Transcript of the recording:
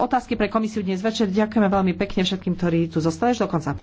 otázky pre komisiu dnes večer. Ďakujeme veľmi pekne všetkým, ktorí tu zostali až do konca.